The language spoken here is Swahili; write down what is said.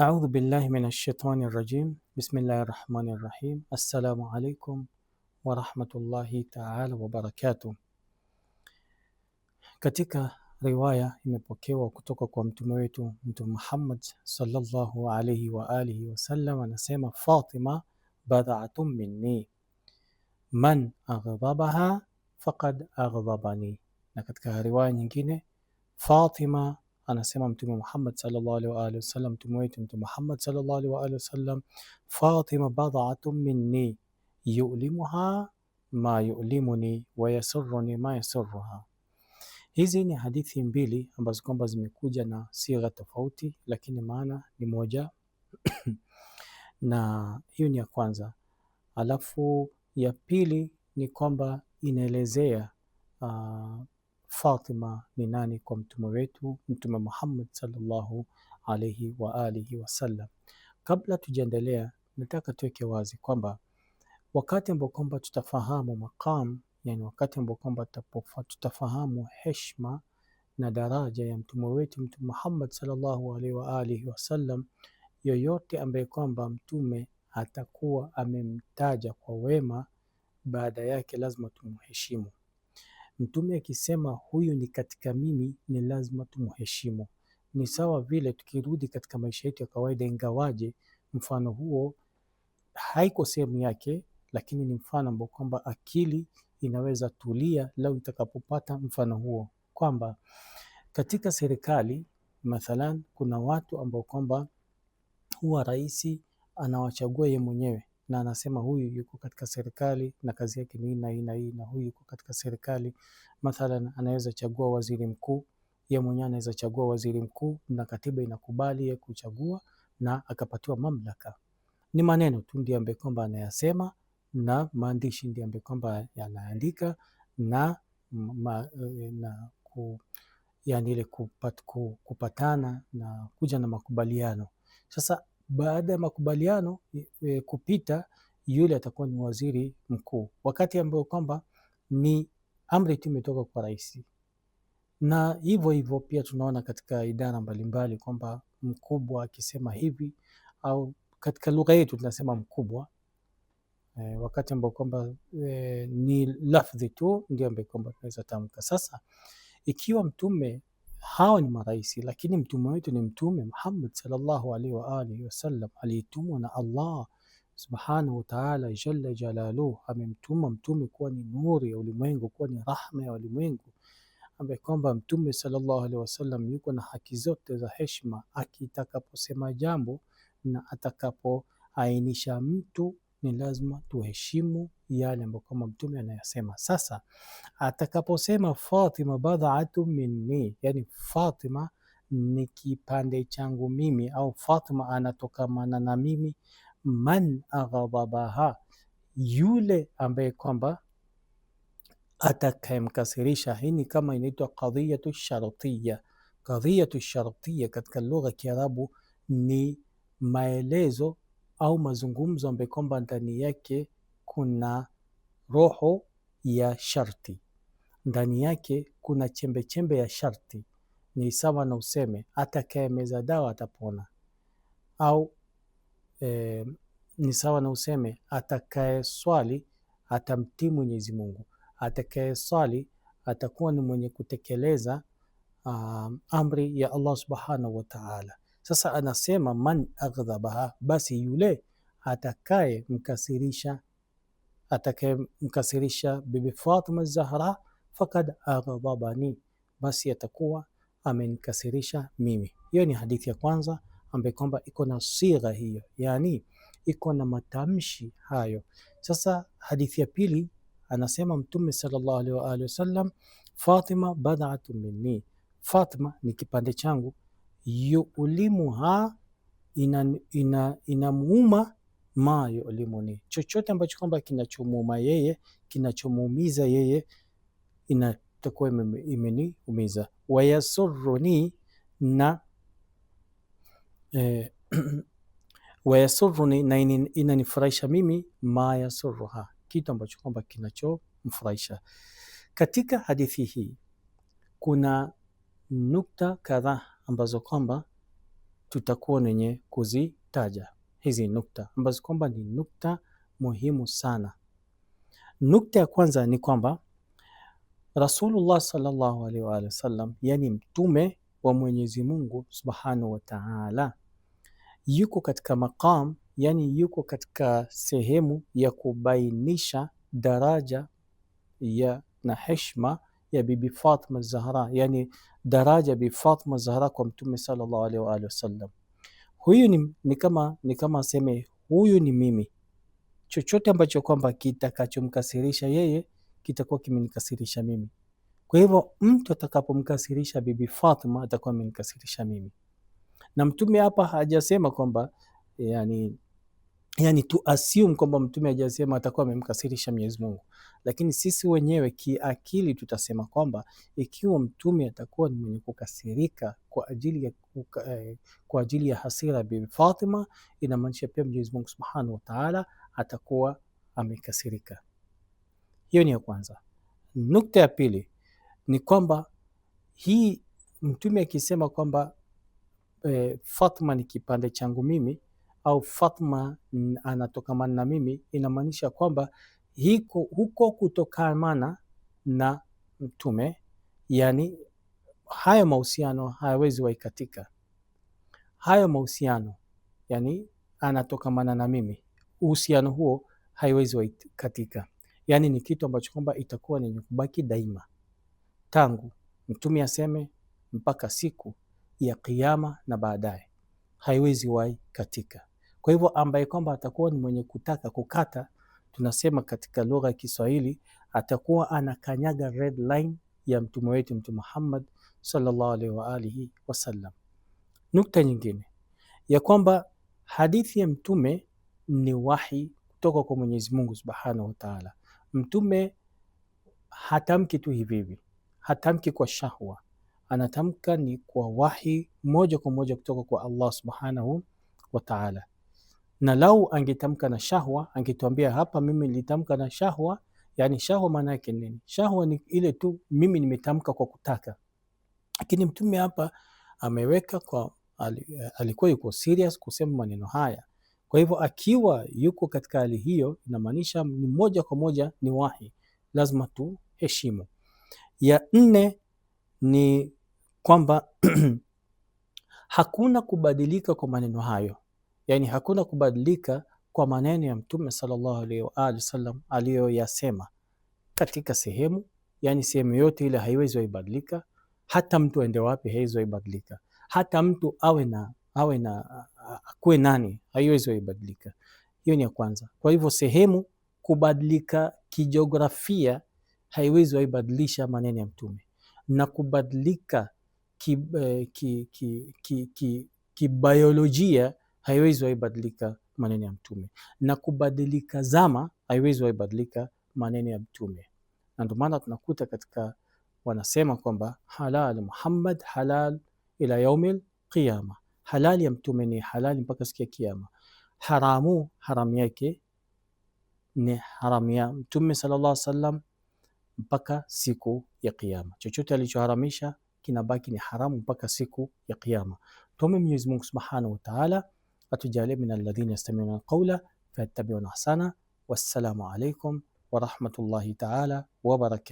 أعوذ بالله من الشيطان الرجيم بسم الله الرحمن الرحيم السلام عليكم ورحمة الله تعالى وبركاته كتك رواية مبكي وكتك قمتم محمد صلى الله عليه وآله وسلم نسيم فاطمة بدعت مني من أغضبها فقد أغضبني نكتك رواية فاطمة anasema Mtume Muhammad sallallahu alaihi wa alihi wasallam, mtume wetu Mtume Muhammad sallallahu alaihi wa alihi wasallam, Fatima bad'atun minni yulimuha ma yulimuni wa yasurruni ma yasurruha. Hizi ni hadithi mbili ambazo kwamba zimekuja na sigha tofauti, lakini maana ni moja na hiyo ni ya kwanza. Alafu ya pili ni kwamba inaelezea uh, Fatima ni nani kwa mtume wetu Mtume Muhammad sallallahu alaihi wa alihi wasallam. Kabla tujaendelea, nataka tuweke wazi kwamba wakati ambao kwamba tutafahamu maqam, yani wakati ambao kwamba tutafahamu heshima na daraja ya mtume wetu Mtume Muhammad sallallahu alaihi wa alihi wasallam, yoyote ambaye kwamba mtume atakuwa amemtaja kwa wema, baada yake lazima tumheshimu. Mtume akisema huyu ni katika mimi ni lazima tumheshimu. Ni sawa vile tukirudi katika maisha yetu ya kawaida, ingawaje mfano huo haiko sehemu yake, lakini ni mfano ambao kwamba akili inaweza tulia lau itakapopata mfano huo, kwamba katika serikali mathalan kuna watu ambao kwamba huwa rais anawachagua ye mwenyewe na anasema huyu yuko katika serikali na kazi yake ni hii na hii, na huyu yuko katika serikali. Mathalan, anaweza chagua waziri mkuu, ye mwenyewe anaweza chagua waziri mkuu, na katiba inakubali ye kuchagua na akapatiwa mamlaka. Ni maneno tu ndio ambaye kwamba anayasema na maandishi ndio ambaye kwamba yanaandika na, ma, eh, na ku, yani ile kupat, ku, kupatana na kuja na makubaliano sasa baada ya makubaliano e, e, kupita yule atakuwa ni waziri mkuu, wakati ambayo kwamba ni amri tu imetoka kwa rais. Na hivyo hivyo pia tunaona katika idara mbalimbali kwamba mkubwa akisema hivi au katika lugha yetu tunasema mkubwa e, wakati ambao kwamba e, ni lafdhi tu ndio ambayo kwamba tunaweza tamka. Sasa ikiwa Mtume Hawa ni maraisi lakini mtume wetu ni Mtume Muhammad sallallahu alaihi wa alihi wasallam aliyetumwa na Allah subhanahu wa taala jalla jalaluhu. Amemtuma mtume kuwa ni nuru ya ulimwengu, kuwa ni rahma ya ulimwengu, ambaye kwamba mtume sallallahu alaihi wasallam yuko na haki zote za heshima, akitakaposema jambo na atakapoainisha mtu ni lazima tuheshimu yale ambayo kama mtume anayasema. Sasa atakaposema Fatima badhaatu minni, yani Fatima ni kipande changu mimi, au Fatima anatokamana na mimi. Man aghadabaha, yule ambaye kwamba atakayemkasirisha. Hii ni kama inaitwa qadhiyatu shartiya. Qadhiyatu shartiya katika lugha ya Kiarabu ni maelezo au mazungumzo ambayo kwamba ndani yake kuna roho ya sharti, ndani yake kuna chembe chembe ya sharti. Ni sawa na useme meza dawa atapona, au e, ni sawa na useme atakaye swali atamtii Mwenyezi Mungu, atakaye swali atakuwa ni mwenye kutekeleza um, amri ya Allah subhanahu wa ta'ala. Sasa anasema man aghdhabaha, basi yule atakaye mkasirisha atakaye mkasirisha Bibi Fatima Zahra, fakad aghdhabani, basi atakuwa amenikasirisha mimi. Hiyo ni hadithi ya kwanza ambaye kwamba iko na sigha hiyo, yani iko na matamshi hayo. Sasa hadithi ya pili anasema Mtume sallallahu alaihi wa alihi wasallam, Fatima bad'atu minni, Fatima ni kipande changu yuulimuha inamuuma ina, ina ma yuulimuni, chochote ambacho kwamba kinachomuuma yeye kinachomuumiza yeye inatakuwa imeniumiza. Wayasuruni na eh, wayasuruni na inanifurahisha mimi, ma yasuruha, kitu ambacho kwamba kinachomfurahisha. Katika hadithi hii kuna nukta kadhaa ambazo kwamba tutakuwa nenye kuzitaja hizi nukta ambazo kwamba ni nukta muhimu sana. Nukta ya kwanza ni kwamba Rasulullah sallallahu alaihi wa sallam, yani mtume wa Mwenyezi Mungu subhanahu wa taala, yuko katika maqam, yani yuko katika sehemu ya kubainisha daraja ya na heshima ya Bibi Fatma Zahra, yani daraja Bibi Fatma Zahra kwa Mtume sallallahu alaihi wa alihi wasallam. Huyu ni, ni kama ni kama aseme huyu ni mimi, chochote ambacho kwamba kitakachomkasirisha yeye kitakuwa kimenikasirisha mimi. Kwa hivyo mtu atakapomkasirisha Bibi Fatma atakuwa amenikasirisha mimi, na mtume hapa hajasema kwamba yani yani tu assume kwamba mtume hajasema atakuwa amemkasirisha Mwenyezi Mungu, lakini sisi wenyewe kiakili tutasema kwamba ikiwa mtume atakuwa ni mwenye kukasirika kwa ajili ya, eh, kwa ajili ya hasira Bibi Fatima, inamaanisha pia Mwenyezi Mungu Subhanahu wa Ta'ala atakuwa amekasirika. Hiyo ni ya kwanza. Nukta ya pili ni kwamba hii mtume akisema kwamba eh, Fatima ni kipande changu mimi au Fatma anatokamana na mimi, inamaanisha kwamba hiko, huko kutokamana na mtume, yani hayo mahusiano hayawezi waikatika. Hayo mahusiano yani anatokamana na mimi, uhusiano huo haiwezi waikatika, yani ni kitu ambacho kwamba itakuwa ni kubaki daima tangu mtume aseme mpaka siku ya Kiyama na baadaye haiwezi waikatika. Kwa hivyo ambaye kwamba atakuwa ni mwenye kutaka kukata, tunasema katika lugha ya Kiswahili atakuwa anakanyaga red line ya mtume wetu Mtume Muhammad sallallahu alaihi wa alihi wasallam. Nukta nyingine ya kwamba hadithi ya mtume ni wahi kutoka kwa Mwenyezi Mungu subhanahu wa taala. Mtume hatamki tu hivi hivi, hatamki kwa shahwa, anatamka ni kwa wahi moja kwa moja kutoka kwa Allah subhanahu wa taala na lau angetamka na shahwa, angetuambia hapa, mimi nilitamka na shahwa. Yani shahwa maana yake nini? Shahwa ni ile tu mimi nimetamka kwa kutaka, lakini mtume hapa ameweka kwa, alikuwa yuko serious kusema maneno haya. Kwa hivyo akiwa yuko katika hali hiyo, inamaanisha ni moja kwa moja ni wahi, lazima tuheshimu. Ya nne ni kwamba hakuna kubadilika kwa maneno hayo yani hakuna kubadilika kwa maneno ya Mtume sallallahu alaihi wa alihi wasallam aliyoyasema katika sehemu, yani sehemu yote ile haiwezi waibadilika, hata mtu aende wapi haiwezi kubadilika. hata mtu awe na awe na akuwe nani haiwezi waibadilika. Hiyo ni ya kwanza. Kwa hivyo sehemu kubadilika kijiografia haiwezi waibadilisha maneno ya Mtume na kubadilika kibiolojia ki, ki, ki, ki, ki haiwezi waibadilika maneno ya Mtume, na kubadilika zama haiwezi waibadilika maneno ya Mtume. Na ndio maana tunakuta katika wanasema kwamba halal Muhammad halal ila yaumil qiyama, halali ya Mtume ni halali mpaka siku ya Kiyama. Haramu haramu yake ni haramu ya Mtume sallallahu alaihi wasallam mpaka siku ya Kiyama. Chochote alichoharamisha kinabaki ni haramu mpaka siku ya Kiyama. Tuombe Mwenyezi Mungu subhanahu wa taala من الذين يستمعون القول فيتبعون أحسانه والسلام عليكم ورحمة الله تعالى وبركاته